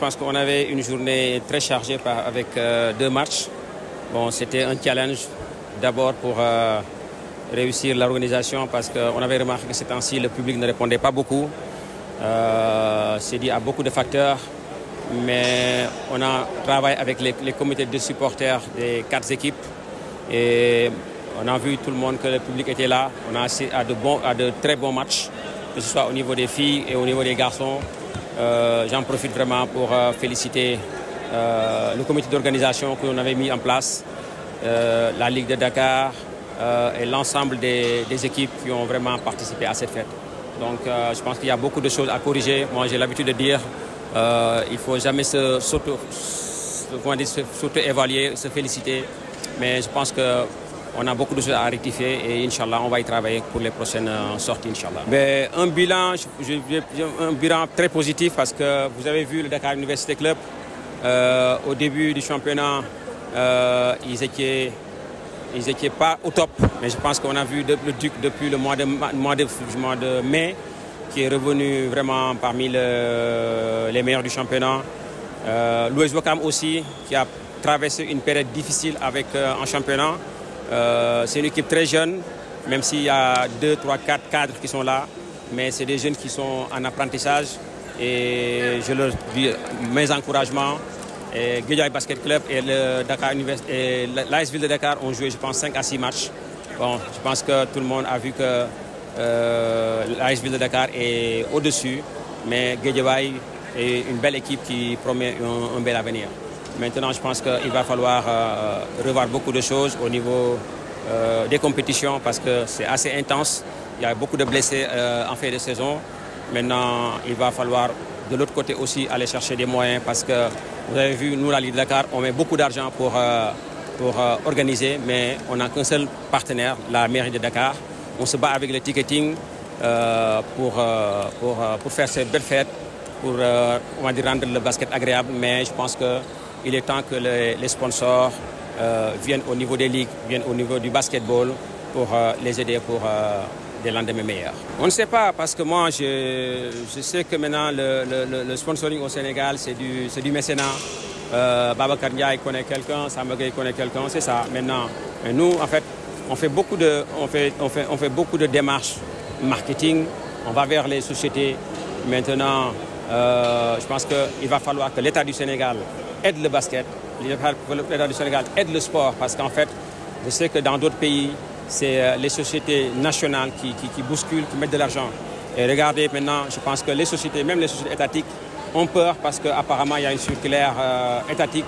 Je pense qu'on avait une journée très chargée avec euh, deux matchs. Bon, c'était un challenge d'abord pour euh, réussir l'organisation parce qu'on avait remarqué que ces temps-ci, le public ne répondait pas beaucoup. Euh, c'est dit à beaucoup de facteurs, mais on a travaillé avec les, comités de supporters des quatre équipes et on a vu tout le monde que le public était là. On a assisté à de, bons, à de très bons matchs, que ce soit au niveau des filles et au niveau des garçons. Euh, j'en profite vraiment pour euh, féliciter euh, le comité d'organisation que avait mis en place, la Ligue de Dakar et l'ensemble des, équipes qui ont vraiment participé à cette fête. Donc je pense qu'il y a beaucoup de choses à corriger. Moi j'ai l'habitude de dire il ne faut jamais se surtout, évaluer, se féliciter. Mais je pense que on a beaucoup de choses à rectifier et Inch'Allah, on va y travailler pour les prochaines euh, sorties, ben, un bilan, un bilan très positif parce que vous avez vu le Dakar Université Club, euh, au début du championnat, euh, ils étaient n'étaient pas au top. Mais je pense qu'on a vu le Duc depuis le mois de, mois de, de mai, qui est revenu vraiment parmi les meilleurs du championnat. Louis Wakam aussi, qui a traversé une période difficile avec championnat. Euh, c'est une équipe très jeune, même s'il y a 2, 3, 4 cadres qui sont là, mais c'est des jeunes qui sont en apprentissage et je leur dis mes encouragements. Et Basket Club et l'Iceville de Dakar ont joué, je pense, 5 à 6 matchs. Bon, je pense que tout le monde a vu que euh, de Dakar est au-dessus, mais Guédiaway est une belle équipe qui promet un bel avenir. Maintenant, je pense qu'il va falloir euh, euh, revoir beaucoup de choses au niveau euh, des compétitions parce que c'est assez intense. Il y a beaucoup de blessés en fin de saison. Maintenant, il va falloir de l'autre côté aussi aller chercher des moyens parce que vous avez vu, nous, la Ligue de Dakar, on met beaucoup d'argent pour, pour organiser, mais on n'a qu'un seul partenaire, la mairie de Dakar. On se bat avec le ticketing pour, pour, faire cette belle fête, pour rendre le basket agréable, mais je pense que il est temps que les, sponsors euh, viennent au niveau des ligues, viennent au niveau du basketball pour euh, les aider pour euh, des lendemains meilleurs. On ne sait pas parce que moi, je, sais que maintenant le, sponsoring au Sénégal, c'est du, du mécénat. Baba Karnia, il connaît quelqu'un, Samagé, il connaît quelqu'un, c'est ça. Maintenant, nous, en fait, on fait beaucoup de, on fait, on fait, on fait beaucoup de démarches marketing. On va vers les sociétés. Maintenant, euh, je pense qu'il va falloir que l'État du Sénégal aide le basket, l'État du Sénégal aide le sport, parce qu'en fait, je sais que dans d'autres pays, c'est euh, les sociétés nationales qui, bousculent, qui mettent de l'argent. Et regardez maintenant, je pense que les sociétés, même les sociétés étatiques, ont peur parce qu'apparemment, il y a une circulaire euh, étatique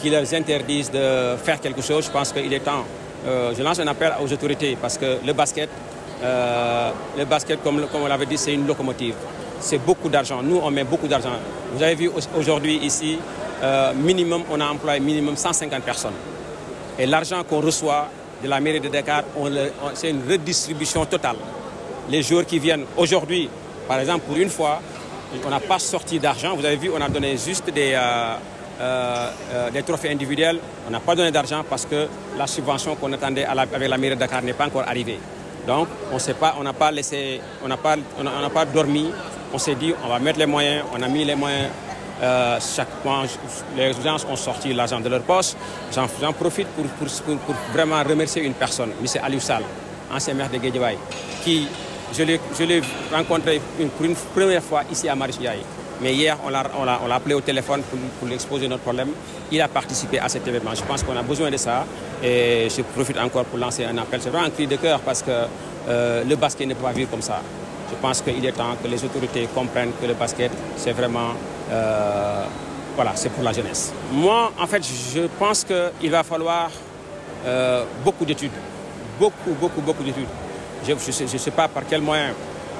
qui leur interdise de faire quelque chose. Je pense qu'il est temps. je lance un appel aux autorités parce que le basket, le basket comme on l'avait dit, c'est une locomotive c'est beaucoup d'argent. Nous, on met beaucoup d'argent. Vous avez vu aujourd'hui ici, euh, minimum, on a employé minimum 150 personnes. Et l'argent qu'on reçoit de la mairie de Dakar, c'est une redistribution totale. Les jours qui viennent aujourd'hui, par exemple, pour une fois, on n'a pas sorti d'argent. Vous avez vu, on a donné juste des, euh, euh, des trophées individuels. On n'a pas donné d'argent parce que la subvention qu'on attendait avec la mairie de Dakar n'est pas encore arrivée. Donc, on n'a pas, laissé, on n'a pas, on pas dormi on s'est dit, on va mettre les moyens, on a mis les moyens. Euh, chaque mois, les gens ont sorti l'argent de leur poste. J'en profite pour, pour, vraiment remercier une personne, M. Aliou Sall, ancien maire de Guédiouaï, qui, je l'ai rencontré une, pour une première fois ici à Marichiaï. Mais hier, on l'a appelé au téléphone pour, pour lui exposer notre problème. Il a participé à cet événement. Je pense qu'on a besoin de ça. Et je profite encore pour lancer un appel. C'est vraiment un cri de cœur parce que euh, le basket n'est pas vivre comme ça. Je pense qu'il est temps que les autorités comprennent que le basket, c'est vraiment... Euh, voilà, c'est pour la jeunesse. Moi, en fait, je pense qu'il va falloir euh, beaucoup d'études. Beaucoup, beaucoup, beaucoup d'études. Je ne sais, pas par quel moyen.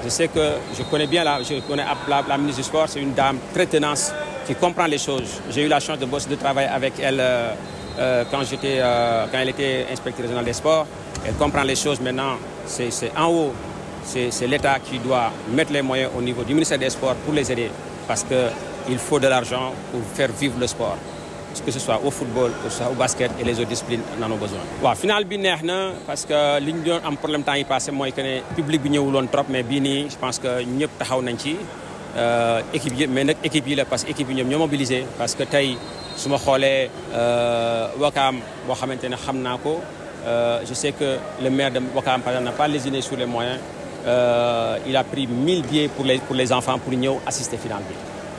Je sais que je connais bien la, je connais la, la ministre du Sport, c'est une dame très tenace qui comprend les choses. J'ai eu la chance de bosser, de travailler avec elle euh, quand, j'étais, quand elle était inspectrice régionale des sports. Elle comprend les choses maintenant. C'est en haut c'est l'État qui doit mettre les moyens au niveau du ministère des Sports pour les aider. Parce qu'il faut de l'argent pour faire vivre le sport. Que ce soit au football, que ce soit au basket et les autres disciplines, on en a besoin. La final, bi parce que li a un problème problème temps passé moi que le public bi ñëwuloon trop mais je pense que nous avons nañ ci euh, équipe mais notre équipe parce que équipe parce que je suis euh, Wakam, euh, je sais que le maire de Wakam n'a pas lésiné sur les moyens. Euh, il a pris 1000 billets pour les pour les enfants pour ñëw assister finale bi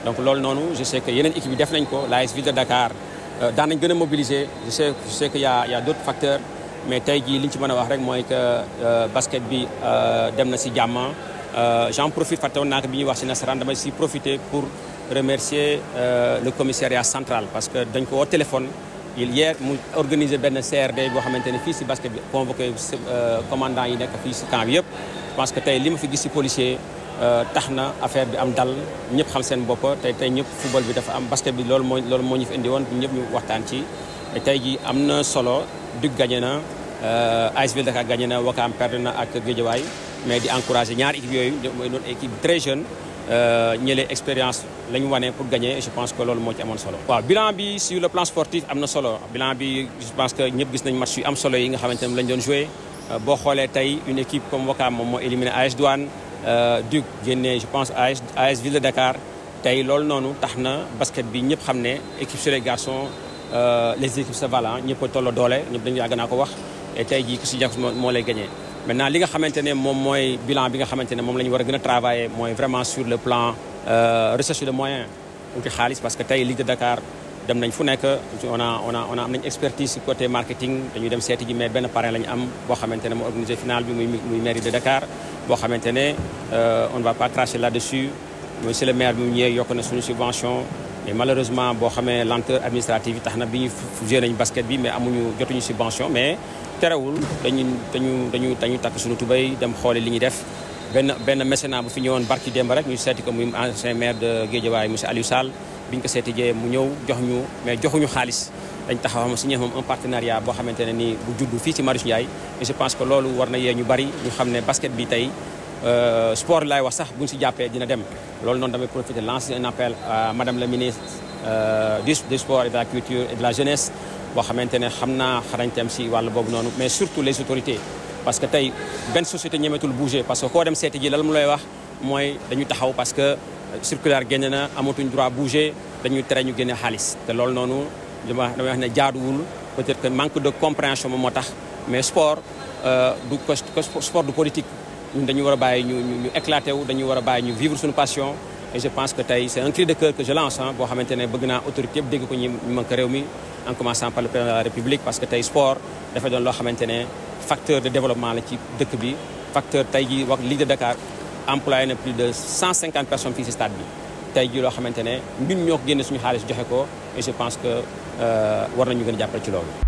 donc loolu noonu je sais que yeneen équipe yi def nañ ko l'AS Ville de Dakar euh, daan nañ gën a mobiliser je sais je sais qu'il y a y a d'autres facteurs mais tey jii li ñu ci mën a wax rek que euh, basket bi dem na si Euh, j'en profite fàtte woon naa ko bi ñuy wax si profiter pour remercier le commissariat central parce que dañ ko au téléphone il hier mu organiser benn CRD boo xamante ne fii basket bi euh, commandant yi nekk fii si camp bi pense que tay limu fi gis ci policier euh, tax na affaire bi am dal ñepp xam seen bopp tay tay ñepp football bi dafa am basket bi lool moo loolu moo ñu fi indi won ñepp ñu waxtaan ci tay ji amna solo du gagné na euh, AS Ville Dakar gagné na Wakaam perdre na ak Guédiawaye mais di encourager ñaar équipe yoyu mooy non équipe très jeune euh ñëlé expérience la ñu pour gagner je pense que loolu moo ci amoon solo. waaw bilan bi sur le plan sportif am na solo bilan bi je pense que ñëpp gis nañ match yu am solo yi nga xamante ne lañ doon jouer euh, boo xoolee tey une équipe comme Wakam moom éliminé AS Douane euh, Duc génnee je pense AS AS Ville de Dakar taï lol Nonou, tax basket bi ñëpp xam équipe sur les garçons euh, les équipes se valent ñëpp Tolo Dole, doole ñëpp dañu wax et taï jii ku si jàpp lay gagné. maintenant li nga xamante ne moom bilan bi nga xamante ne moom la ñu travailler vraiment sur le plan recherche de moyens uti Khalis, parce que taï Ligue de Dakar dem nañ fu nekk on a on a on a am nañ expertise ci côté marketing dañuy dem seeti ji mais benn parrain lañ am boo xamante ne moo organisé final bi muy muy mairie de Dakar boo xamante ne euh, on va pas cracher là-dessus monsieur le maire bi mu ñëwee yokk na suñu subvention mais malheureusement boo xamee lenteur administrative yi tax na bi ñu joué nañ basket bi mais amuñu jotuñu subvention mais terewul dañu dañu dañu dañu takk suñu tubéy dem xoole li ñuy def benn benn mécénat bu fi ñëwoon barki démb rek ñu seeti ko muy ancien maire de Guédiawaye monsieur Aliou Sall biñ ko seeti jee mu ñëw jox ñu mais joxuñu xaalis dañ taxaw xam signé moom un partenariat boo xamante ne nii bu juddu fii ci Marius Ndiaye et je pense que loolu war na yee ñu bari ñu xam ne basket bi tey euh, sport laay wax sax buñ si jàppee dina dem loolu noonu damay profiter lancer un appel à madame la ministre euh, du du sport et de la culture et de la jeunesse boo xamante ne xam naa xarañteem si wàll boobu noonu mais surtout les autorités parce que tey benn société ñemetul bouger parce que koo dem seeti ji lal mu lay wax mooy dañu taxaw parce que circulaire génne na amatuñ droit bouger dañu tere ñu génne xaalis te loolu noonu dama damay wax ne jaaduwul peut-être que manque de compréhension moom tax mais sport euh, du sport du politique ñun dañu wara a ñu ñu éclater wu dañu wara a ñu vivre suñu passion et je pense que tay c'est un cri de cœur que je lance ah boo xamante bëgg na autorité yëpp dégg ko ñi manque ko réew mi en commençant par le président de la République parce que tay sport dafa doon lo xamantene facteur de développement la ci dëkk bi facteur tay jii wax Ligue de Dakar employé na plus de 150 personnes fii si stade bi tey jii loo xamante ne ñun ñoo génne suñu xaalis joxe ko et je pense que euh, war nañu gën a jàppale ci loolu.